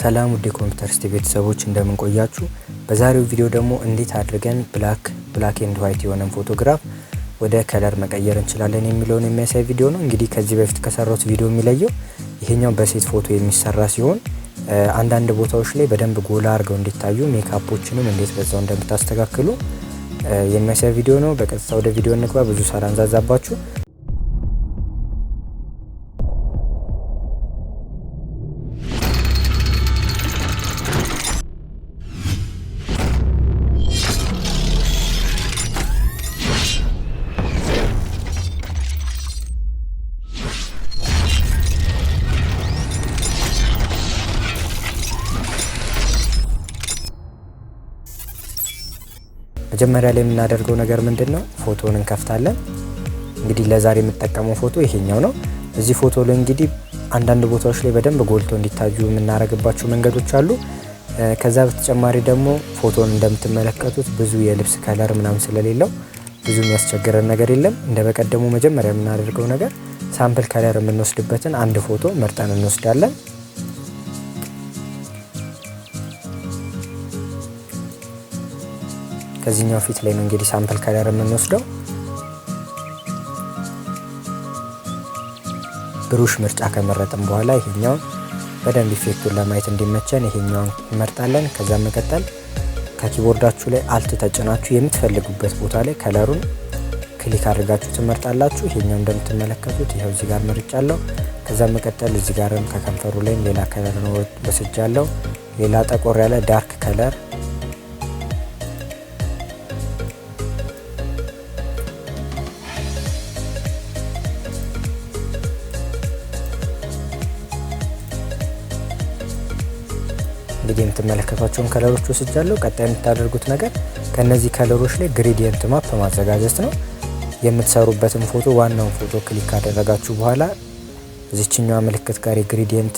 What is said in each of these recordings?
ሰላም ውድ የኮምፒውተር ስቲ ቤተሰቦች እንደምን ቆያችሁ? በዛሬው ቪዲዮ ደግሞ እንዴት አድርገን ብላክ ብላክ ኤንድ ዋይት የሆነን ፎቶግራፍ ወደ ከለር መቀየር እንችላለን የሚለውን የሚያሳይ ቪዲዮ ነው። እንግዲህ ከዚህ በፊት ከሰራሁት ቪዲዮ የሚለየው ይሄኛው በሴት ፎቶ የሚሰራ ሲሆን አንዳንድ ቦታዎች ላይ በደንብ ጎላ አድርገው እንዲታዩ ሜካፖችንም እንዴት በዛው እንደምታስተካክሉ የሚያሳይ ቪዲዮ ነው። በቀጥታ ወደ ቪዲዮ እንግባ። ብዙ ሳላንዛዛባችሁ መጀመሪያ ላይ የምናደርገው ነገር ምንድን ነው? ፎቶን እንከፍታለን። እንግዲህ ለዛሬ የምጠቀመው ፎቶ ይሄኛው ነው። እዚህ ፎቶ ላይ እንግዲህ አንዳንድ ቦታዎች ላይ በደንብ ጎልቶ እንዲታዩ የምናደርግባቸው መንገዶች አሉ። ከዛ በተጨማሪ ደግሞ ፎቶን እንደምትመለከቱት ብዙ የልብስ ከለር ምናምን ስለሌለው ብዙ የሚያስቸግረን ነገር የለም። እንደ በቀደሙ መጀመሪያ የምናደርገው ነገር ሳምፕል ከለር የምንወስድበትን አንድ ፎቶ መርጠን እንወስዳለን። ከዚህኛው ፊት ላይ ነው እንግዲህ ሳምፕል ከለር የምንወስደው። ብሩሽ ምርጫ ከመረጥን በኋላ ይሄኛውን በደንብ ኢፌክቱን ለማየት እንዲመቸን ይሄኛውን እንመርጣለን። ከዛ መቀጠል ከኪቦርዳችሁ ላይ አልት ተጭናችሁ የምትፈልጉበት ቦታ ላይ ከለሩን ክሊክ አድርጋችሁ ትመርጣላችሁ። ይሄኛው እንደምትመለከቱት ይኸው እዚህ ጋር መርጫለሁ። ከዛ መቀጠል እዚህ ጋርም ከከንፈሩ ላይም ሌላ ከለር ነው ወስጃለሁ። ሌላ ጠቆር ያለ ዳርክ ከለር ብዬ የምትመለከቷቸውን ከለሮች ወስጃለሁ። ቀጣይ የምታደርጉት ነገር ከእነዚህ ከለሮች ላይ ግሬዲየንት ማፕ ማዘጋጀት ነው። የምትሰሩበትን ፎቶ ዋናውን ፎቶ ክሊክ ካደረጋችሁ በኋላ እዚችኛዋ ምልክት ጋር የግሬዲየንት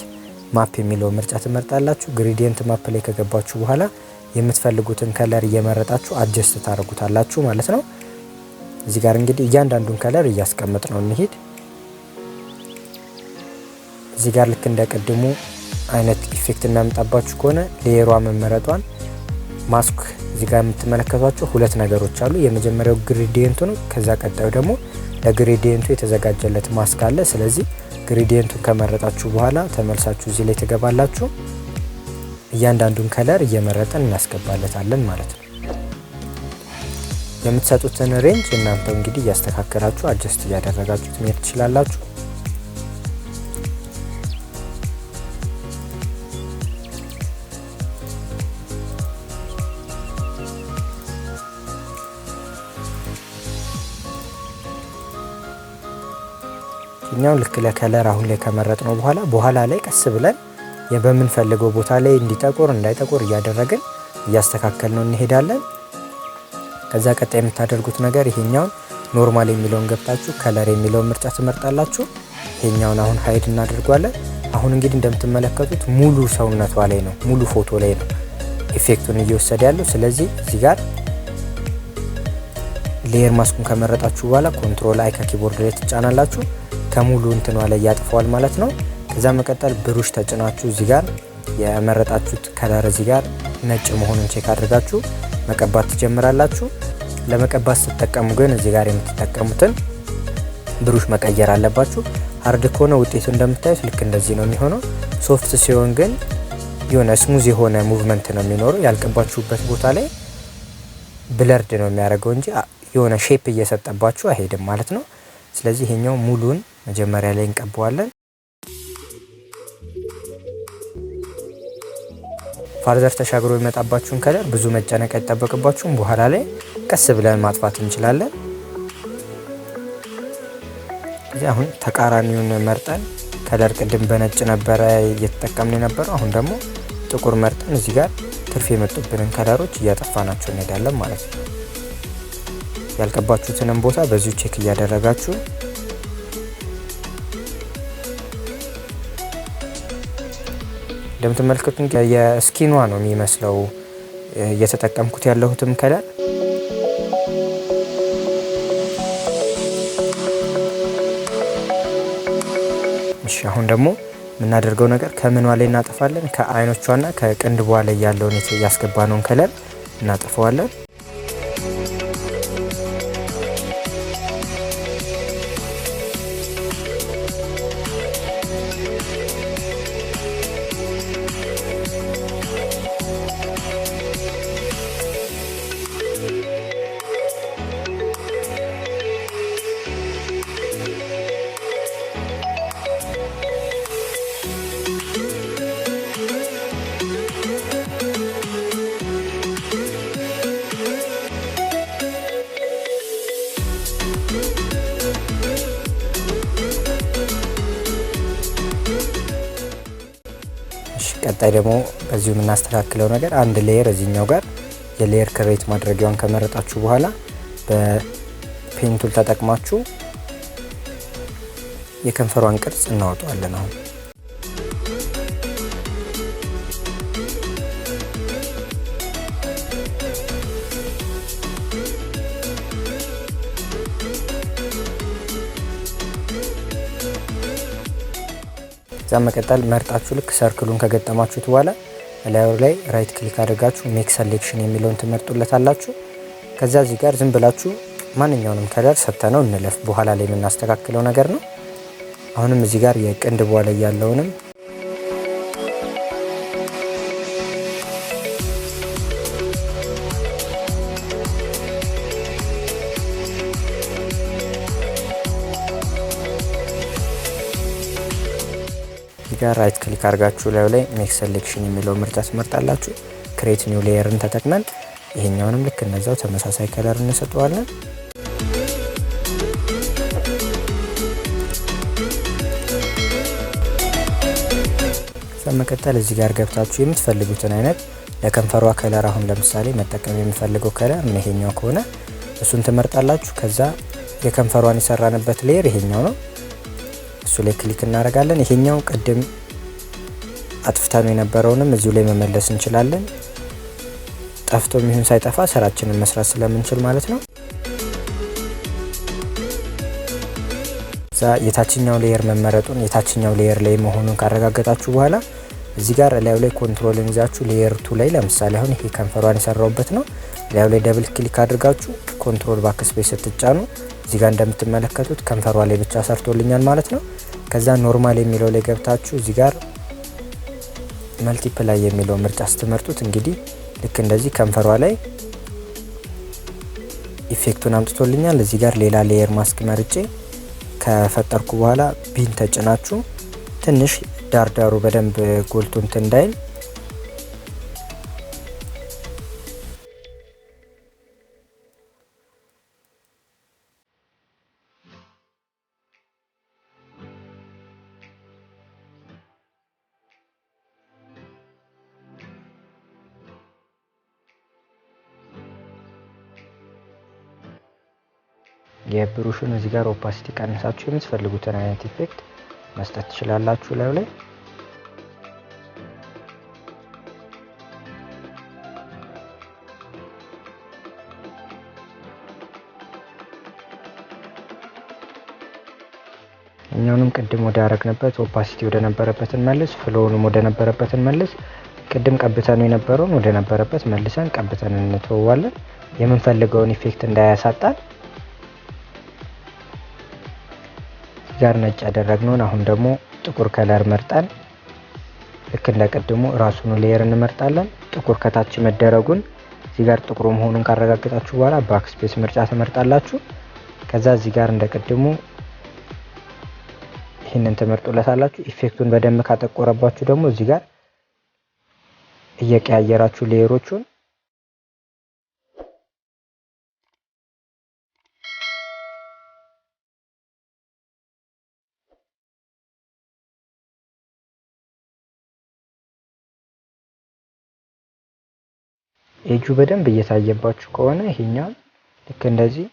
ማፕ የሚለው ምርጫ ትመርጣላችሁ። ግሬዲየንት ማፕ ላይ ከገባችሁ በኋላ የምትፈልጉትን ከለር እየመረጣችሁ አጀስት ታደርጉታላችሁ ማለት ነው። እዚህ ጋር እንግዲህ እያንዳንዱን ከለር እያስቀመጥ ነው እንሂድ። እዚህ ጋር ልክ እንደ ቅድሙ አይነት ኢፌክት እናምጣባችሁ ከሆነ ሌየሯ መመረጧን ማስክ እዚህ ጋር የምትመለከቷቸው ሁለት ነገሮች አሉ። የመጀመሪያው ግሪዲየንቱ ነው። ከዛ ቀጣዩ ደግሞ ለግሪዲየንቱ የተዘጋጀለት ማስክ አለ። ስለዚህ ግሪዲየንቱን ከመረጣችሁ በኋላ ተመልሳችሁ እዚህ ላይ ትገባላችሁ። እያንዳንዱን ከለር እየመረጠን እናስገባለታለን ማለት ነው። የምትሰጡትን ሬንጅ እናንተ እንግዲህ እያስተካከላችሁ አጀስት እያደረጋችሁት መሄድ ትችላላችሁ። ይህኛው ልክ ለከለር አሁን ላይ ከመረጥ ነው በኋላ በኋላ ላይ ቀስ ብለን በምንፈልገው ቦታ ላይ እንዲጠቁር እንዳይጠቁር እያደረግን እያስተካከል ነው እንሄዳለን። ከዛ ቀጣይ የምታደርጉት ነገር ይሄኛውን ኖርማል የሚለውን ገብታችሁ ከለር የሚለውን ምርጫ ትመርጣላችሁ። ይሄኛውን አሁን ሀይድ እናደርጓለን። አሁን እንግዲህ እንደምትመለከቱት ሙሉ ሰውነቷ ላይ ነው፣ ሙሉ ፎቶ ላይ ነው ኢፌክቱን እየወሰደ ያለው። ስለዚህ እዚህ ጋር ሌየር ማስኩን ከመረጣችሁ በኋላ ኮንትሮል አይ ከኪቦርድ ላይ ትጫናላችሁ። ከሙሉ እንትኗ ላይ ያጥፈዋል ማለት ነው። ከዛ መቀጠል ብሩሽ ተጭናችሁ እዚህ ጋር የመረጣችሁት ከለር እዚህ ጋር ነጭ መሆኑን ቼክ አድርጋችሁ መቀባት ትጀምራላችሁ። ለመቀባት ስትጠቀሙ ግን እዚህ ጋር የምትጠቀሙትን ብሩሽ መቀየር አለባችሁ። ሀርድ ከሆነ ውጤቱ እንደምታዩት ልክ እንደዚህ ነው የሚሆነው። ሶፍት ሲሆን ግን የሆነ ስሙዝ የሆነ ሙቭመንት ነው የሚኖረው። ያልቀባችሁበት ቦታ ላይ ብለርድ ነው የሚያደርገው እንጂ የሆነ ሼፕ እየሰጠባችሁ አይሄድም ማለት ነው። ስለዚህ ይሄኛው ሙሉን መጀመሪያ ላይ እንቀበዋለን። ፋርዘር ተሻግሮ የመጣባችሁን ከለር ብዙ መጨነቅ አይጠበቅባችሁም። በኋላ ላይ ቀስ ብለን ማጥፋት እንችላለን። እዚህ አሁን ተቃራኒውን መርጠን ከለር ቅድም በነጭ ነበረ እየተጠቀምን የነበረው አሁን ደግሞ ጥቁር መርጠን እዚህ ጋር ትርፍ የመጡብንን ከለሮች እያጠፋናቸው እንሄዳለን ማለት ነው። ያልቀባችሁትንም ቦታ በዚሁ ቼክ እያደረጋችሁ እንደምትመለከቱ የስኪኗ ነው የሚመስለው እየተጠቀምኩት ያለሁትም ከለር እሺ አሁን ደግሞ የምናደርገው ነገር ከምኗ ላይ እናጠፋለን ከአይኖቿና ከቅንድቧ ላይ ያለውን ያስገባነውን ነውን ከለር እናጠፈዋለን ቀጣይ ደግሞ በዚሁ የምናስተካክለው ነገር አንድ ሌየር እዚህኛው ጋር የሌየር ክሬት ማድረጊያውን ከመረጣችሁ በኋላ በፔንቱል ተጠቅማችሁ የከንፈሯን ቅርጽ እናወጣዋለን አሁን እዛ መቀጠል መርጣችሁ ልክ ሰርክሉን ከገጠማችሁት በኋላ እላዩ ላይ ራይት ክሊክ አድርጋችሁ ሜክ ሰሌክሽን የሚለውን ትመርጡለት አላችሁ። ከዚያ እዚህ ጋር ዝም ብላችሁ ማንኛውንም ከለር ሰጥተ ነው እንለፍ፣ በኋላ ላይ የምናስተካክለው ነገር ነው። አሁንም እዚህ ጋር የቅንድ በኋላ ያለውንም ጋር ራይት ክሊክ አርጋችሁ ላዩ ላይ ሜክ ሴሌክሽን የሚለው ምርጫ ትመርጣላችሁ። ክሬት ኒው ሌየርን ተጠቅመን ይሄኛውንም ልክ እነዛው ተመሳሳይ ከለር እንሰጠዋለን። በመቀጠል እዚህ ጋር ገብታችሁ የምትፈልጉትን አይነት ለከንፈሯ ከለር አሁን ለምሳሌ መጠቀም የምፈልገው ከለር ይሄኛው ከሆነ እሱን ትመርጣላችሁ። ከዛ የከንፈሯን የሰራንበት ሌየር ይሄኛው ነው። እሱ ላይ ክሊክ እናደርጋለን። ይሄኛው ቅድም አጥፍተን የነበረውንም እዚሁ ላይ መመለስ እንችላለን። ጠፍቶ የሚሆን ሳይጠፋ ስራችንን መስራት ስለምንችል ማለት ነው። እዛ የታችኛው ሌየር መመረጡን የታችኛው ሌየር ላይ መሆኑን ካረጋገጣችሁ በኋላ እዚህ ጋር ላዩ ላይ ኮንትሮልን ይዛችሁ ሌየር ቱ ላይ ለምሳሌ አሁን ይሄ ከንፈሯን የሰራውበት ነው። ላዩ ላይ ደብል ክሊክ አድርጋችሁ ኮንትሮል ባክስፔስ ስትጫኑ እዚህ ጋር እንደምትመለከቱት ከንፈሯ ላይ ብቻ ሰርቶልኛል ማለት ነው። ከዛ ኖርማል የሚለው ላይ ገብታችሁ እዚህ ጋር መልቲፕላይ የሚለው ምርጫ ስትመርጡት እንግዲህ ልክ እንደዚህ ከንፈሯ ላይ ኢፌክቱን አምጥቶልኛል። እዚህ ጋር ሌላ ሌየር ማስክ መርጬ ከፈጠርኩ በኋላ ቢን ተጭናችሁ ትንሽ ዳርዳሩ በደንብ ጎልቶ እንትን እንዳይል የብሩሹን እዚህ ጋር ኦፓሲቲ ቀንሳችሁ የምትፈልጉትን አይነት ኢፌክት መስጠት ትችላላችሁ ላዩ ላይ እኛውንም ቅድም ወደ ያረግንበት ኦፓሲቲ ወደ ነበረበትን መልስ ፍሎውንም ወደ ነበረበትን መልስ ቅድም ቀብተን የነበረውን ወደ ነበረበት መልሰን ቀብተን እንተወዋለን። የምንፈልገውን ኢፌክት እንዳያሳጣን ጋር ነጭ ያደረግነውን አሁን ደግሞ ጥቁር ከለር መርጠን ልክ እንደ ቅድሙ ራሱን ሌየር እንመርጣለን። ጥቁር ከታች መደረጉን እዚህ ጋር ጥቁሩ መሆኑን ካረጋገጣችሁ በኋላ ባክስፔስ ምርጫ ትመርጣላችሁ። ከዛ እዚህ ጋር እንደ ቅድሙ ይህንን ትመርጡለታላችሁ። ኢፌክቱን በደንብ ካጠቆረባችሁ ደግሞ እዚህ ጋር እየቀያየራችሁ ሌየሮቹን እጁ በደንብ እየታየባችሁ ከሆነ ይሄኛው ልክ እንደዚህ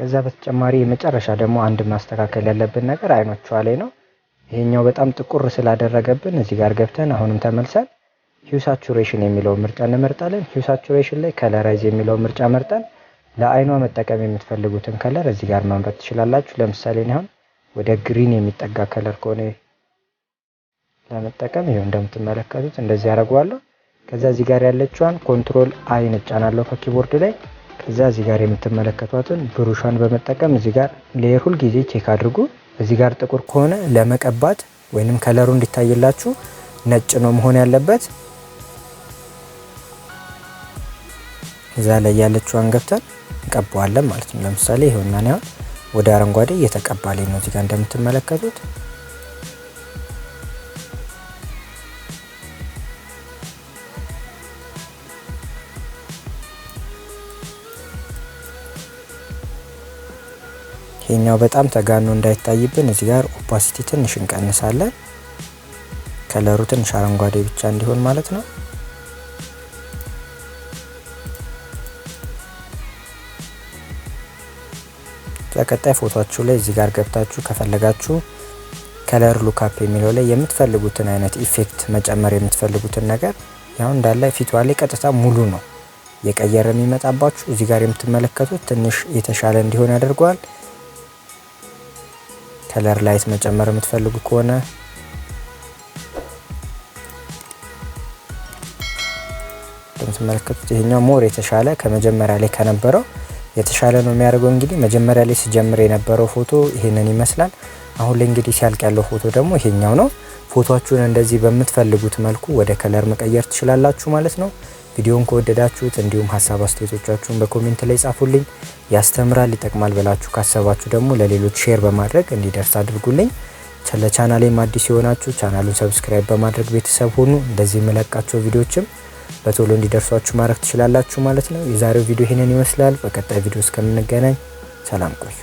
ከዛ በተጨማሪ የመጨረሻ ደግሞ አንድ ማስተካከል ያለብን ነገር አይኖቿ ላይ ነው። ይሄኛው በጣም ጥቁር ስላደረገብን እዚህ ጋር ገብተን አሁንም ተመልሰን ሂው ሳቹሬሽን የሚለውን ምርጫ እንመርጣለን። ሂው ሳቹሬሽን ላይ ከለራይዝ የሚለውን ምርጫ መርጠን ለአይኗ መጠቀም የምትፈልጉትን ከለር እዚህ ጋር መምረጥ ትችላላችሁ። ለምሳሌ አሁን ወደ ግሪን የሚጠጋ ከለር ከሆነ ለመጠቀም ይኸው እንደምትመለከቱት እንደዚህ አደርገዋለሁ። ከዛ እዚህ ጋር ያለችዋን ኮንትሮል አይ እጫናለሁ ከኪቦርድ ላይ። ከዛ እዚህ ጋር የምትመለከቷትን ብሩሿን በመጠቀም እዚህ ጋር ሌየር ሁል ጊዜ ቼክ አድርጉ። እዚህ ጋር ጥቁር ከሆነ ለመቀባት ወይንም ከለሩ እንዲታይላችሁ ነጭ ነው መሆን ያለበት። እዛ ላይ ያለችዋን ገብተን እንቀባዋለን ማለት ነው። ለምሳሌ ይሄውና ነው ወደ አረንጓዴ እየተቀባለኝ ነው እዚህ ጋር እንደምትመለከቱት ይሄኛው በጣም ተጋኖ እንዳይታይብን እዚህ ጋር ኦፓሲቲ ትንሽ እንቀንሳለን። ከለሩ ትንሽ አረንጓዴ ብቻ እንዲሆን ማለት ነው። በቀጣይ ፎቶችሁ ላይ እዚህ ጋር ገብታችሁ ከፈለጋችሁ ከለር ሉካፕ የሚለው ላይ የምትፈልጉትን አይነት ኢፌክት መጨመር የምትፈልጉትን ነገር ያው እንዳለ ፊቷ ላይ ቀጥታ ሙሉ ነው የቀየረ የሚመጣባችሁ። እዚህ ጋር የምትመለከቱት ትንሽ የተሻለ እንዲሆን ያደርገዋል። ከለር ላይት መጨመር የምትፈልጉ ከሆነ እንደምትመለከቱት ይሄኛው ሞር የተሻለ ከመጀመሪያ ላይ ከነበረው የተሻለ ነው የሚያደርገው። እንግዲህ መጀመሪያ ላይ ሲጀምር የነበረው ፎቶ ይሄንን ይመስላል። አሁን ላይ እንግዲህ ሲያልቅ ያለው ፎቶ ደግሞ ይሄኛው ነው። ፎቶችሁን እንደዚህ በምትፈልጉት መልኩ ወደ ከለር መቀየር ትችላላችሁ ማለት ነው። ቪዲዮን ከወደዳችሁት እንዲሁም ሀሳብ አስተያየቶቻችሁን በኮሜንት ላይ ጻፉልኝ። ያስተምራል፣ ይጠቅማል ብላችሁ ካሰባችሁ ደግሞ ለሌሎች ሼር በማድረግ እንዲደርስ አድርጉልኝ። ለቻናሌም አዲስ የሆናችሁ ቻናሉን ሰብስክራይብ በማድረግ ቤተሰብ ሁኑ። እንደዚህ የምለቃቸው ቪዲዮችም በቶሎ እንዲደርሷችሁ ማድረግ ትችላላችሁ ማለት ነው። የዛሬው ቪዲዮ ይህንን ይመስላል። በቀጣይ ቪዲዮ እስከምንገናኝ ሰላም ቆዩ።